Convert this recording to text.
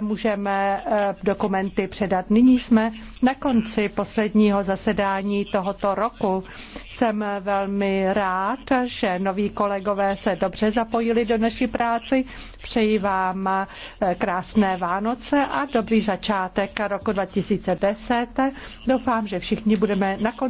můžeme eh, dokumenty předat. Nyní jsme na konci posledního zasedání tohoto roku. Jsem velmi rád, že noví kolegové se dobře zapojili do naší práci. Přeji vám eh, krásné Vánoce a dobrý začátek roku 2010. Doufám, že všichni budeme na konci